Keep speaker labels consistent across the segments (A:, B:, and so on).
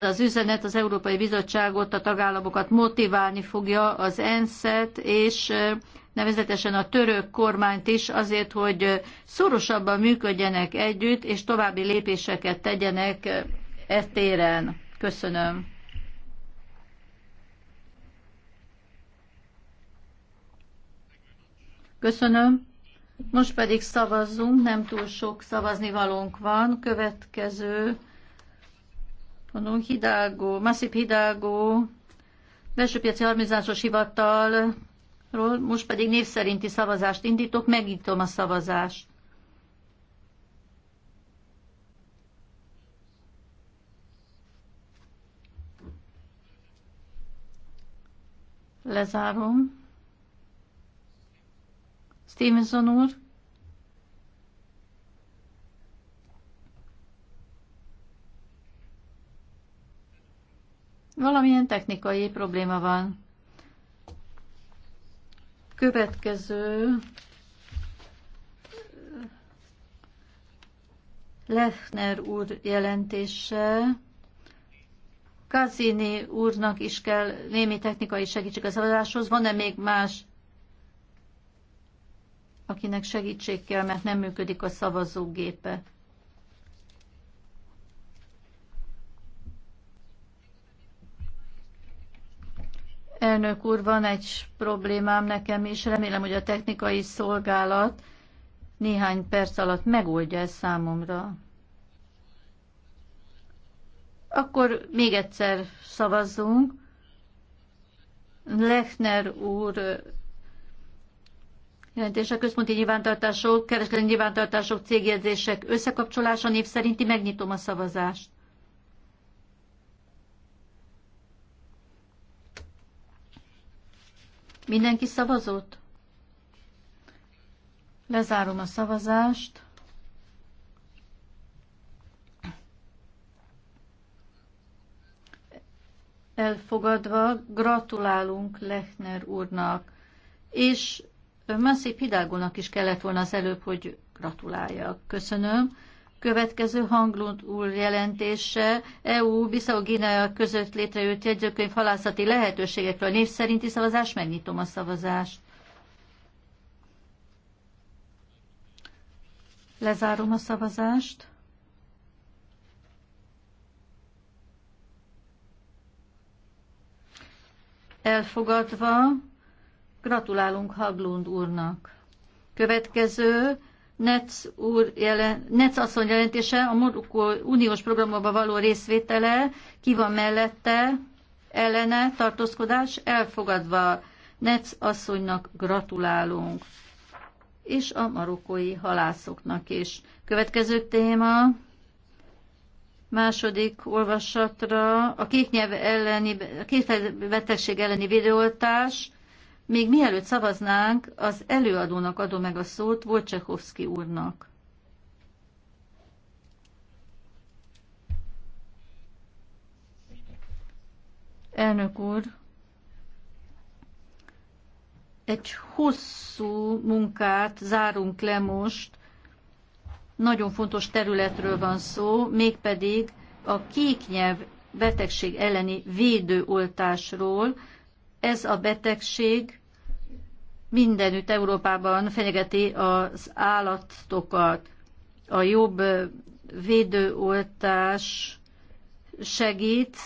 A: Az üzenet az Európai Bizottságot, a tagállamokat motiválni fogja az ensz és nevezetesen a török kormányt is azért, hogy szorosabban működjenek együtt, és további lépéseket tegyenek e téren. Köszönöm. Köszönöm. Most pedig szavazzunk, nem túl sok szavazni valónk van. Következő mondom, Hidalgo, Massip Hidalgo, belső piaci harmonizációs hivatalról, most pedig név szerinti szavazást indítok, megnyitom a szavazást. Lezárom. Stevenson úr. Valamilyen technikai probléma van. Következő Lechner úr jelentése. Kazini úrnak is kell némi technikai segítség a szavazáshoz. Van-e még más, akinek segítség kell, mert nem működik a szavazógépe? Elnök úr, van egy problémám nekem is. Remélem, hogy a technikai szolgálat néhány perc alatt megoldja ezt számomra. Akkor még egyszer szavazzunk. Lechner úr jelentése központi nyilvántartások, kereskedelmi nyilvántartások, cégjegyzések összekapcsolása név szerinti megnyitom a szavazást. Mindenki szavazott? Lezárom a szavazást. Elfogadva gratulálunk Lechner úrnak, és Masszi Pidágónak is kellett volna az előbb, hogy gratuláljak. Köszönöm. Következő Hanglund úr jelentése EU Bissau Guinea között létrejött jegyzőkönyv halászati lehetőségekről. Név szerinti szavazás, megnyitom a szavazást. Lezárom a szavazást. Elfogadva, gratulálunk Haglund úrnak. Következő Netz, úr jelen, Netz asszony jelentése, a Marokkó uniós programokban való részvétele, ki van mellette, ellene, tartózkodás, elfogadva. Netz asszonynak gratulálunk. És a marokkói halászoknak is. Következő téma, második olvasatra, a kéknyelv elleni, a betegség elleni védőoltás, még mielőtt szavaznánk, az előadónak adom meg a szót Wojciechowski úrnak. Elnök úr, egy hosszú munkát zárunk le most, nagyon fontos területről van szó, mégpedig a kéknyelv betegség elleni védőoltásról, ez a betegség mindenütt Európában fenyegeti az állatokat. A jobb védőoltás segít,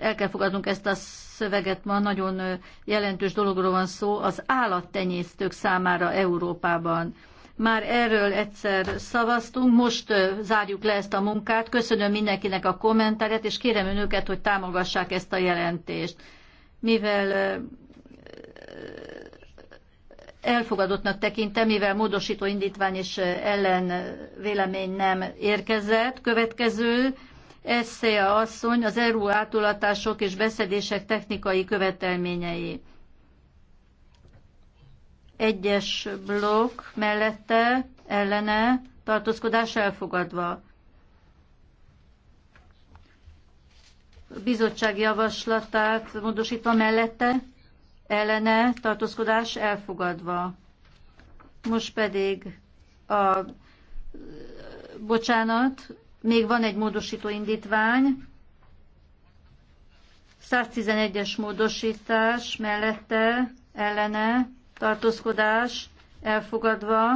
A: el kell fogadnunk ezt a szöveget ma, nagyon jelentős dologról van szó, az állattenyésztők számára Európában. Már erről egyszer szavaztunk, most zárjuk le ezt a munkát. Köszönöm mindenkinek a kommentárját, és kérem önöket, hogy támogassák ezt a jelentést mivel elfogadottnak tekintem, mivel módosító indítvány és ellen vélemény nem érkezett. Következő a asszony az EU átulatások és beszedések technikai követelményei. Egyes blokk mellette, ellene, tartózkodás elfogadva. bizottság javaslatát módosítva mellette ellene tartózkodás elfogadva. Most pedig a bocsánat, még van egy módosító indítvány. 111-es módosítás mellette ellene tartózkodás elfogadva.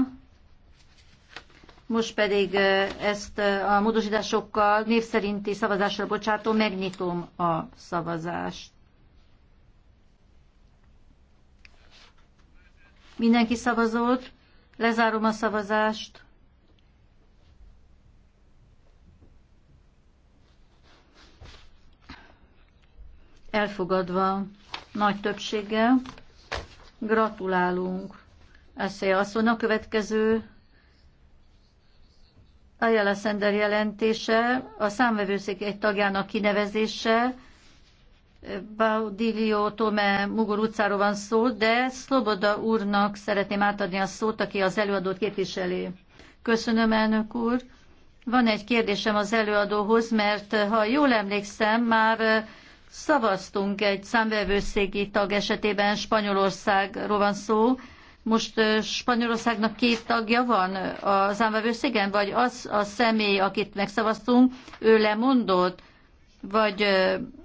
A: Most pedig ezt a módosításokkal név szerinti szavazásra bocsátom, megnyitom a szavazást. Mindenki szavazott, lezárom a szavazást. Elfogadva nagy többséggel. Gratulálunk. Eszélye asszony a következő Ayala Sender jelentése, a számvevőszék egy tagjának kinevezése, Baudilio Tome Mugor utcáról van szó, de Szloboda úrnak szeretném átadni a szót, aki az előadót képviseli. Köszönöm, elnök úr. Van egy kérdésem az előadóhoz, mert ha jól emlékszem, már szavaztunk egy számvevőszégi tag esetében, Spanyolországról van szó, most Spanyolországnak két tagja van az ámvevőszégen, vagy az a személy, akit megszavaztunk, ő lemondott, vagy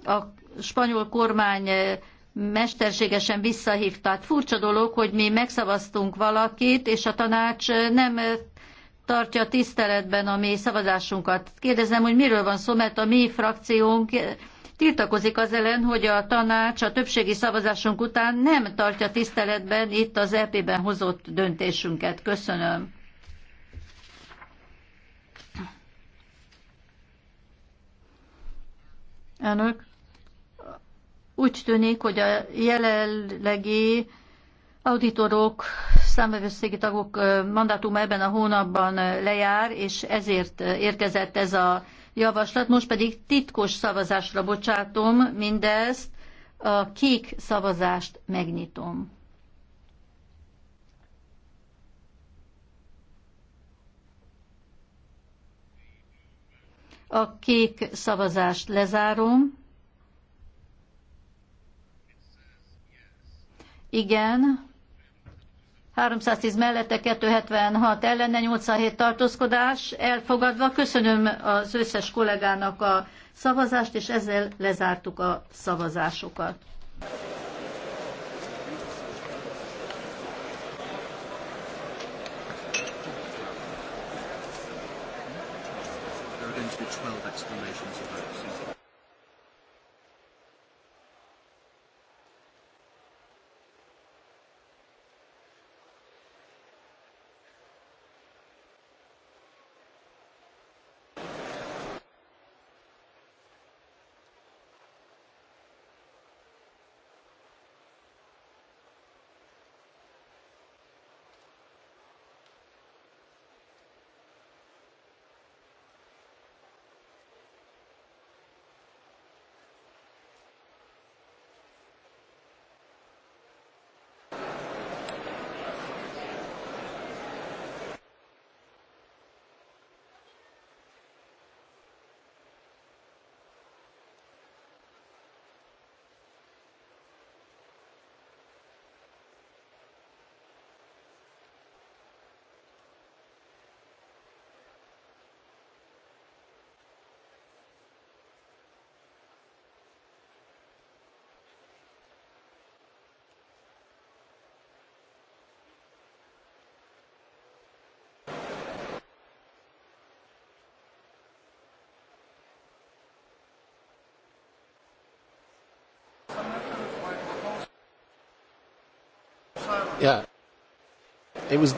A: a spanyol kormány mesterségesen visszahívta. Tehát furcsa dolog, hogy mi megszavaztunk valakit, és a tanács nem tartja tiszteletben a mi szavazásunkat. Kérdezem, hogy miről van szó, mert a mi frakciónk tiltakozik az ellen, hogy a tanács a többségi szavazásunk után nem tartja tiszteletben itt az EP-ben hozott döntésünket. Köszönöm. Elnök, úgy tűnik, hogy a jelenlegi auditorok, számvevőszéki tagok mandátuma ebben a hónapban lejár, és ezért érkezett ez a javaslat, most pedig titkos szavazásra bocsátom mindezt, a kék szavazást megnyitom. A kék szavazást lezárom. Igen. 310 mellette, 276 ellene, 87 tartózkodás elfogadva. Köszönöm az összes kollégának a szavazást, és ezzel lezártuk a szavazásokat. There are going to be 12 of votes. Yeah. It was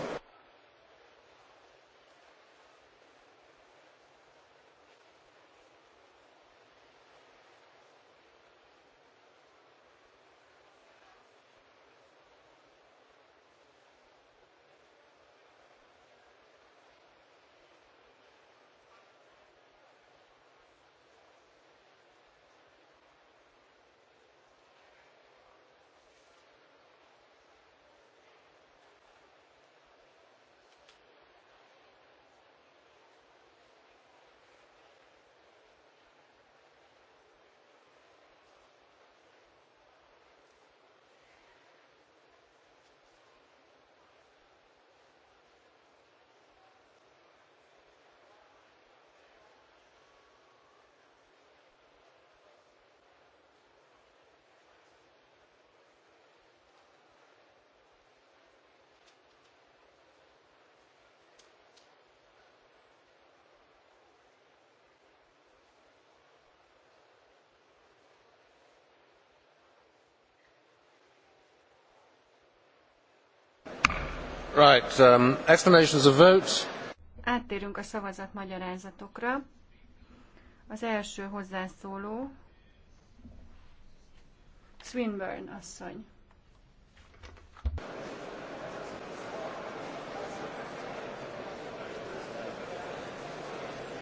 A: Right, um, explanations of vote. Áttérünk a szavazat magyarázatokra. Az első hozzászóló Swinburne asszony.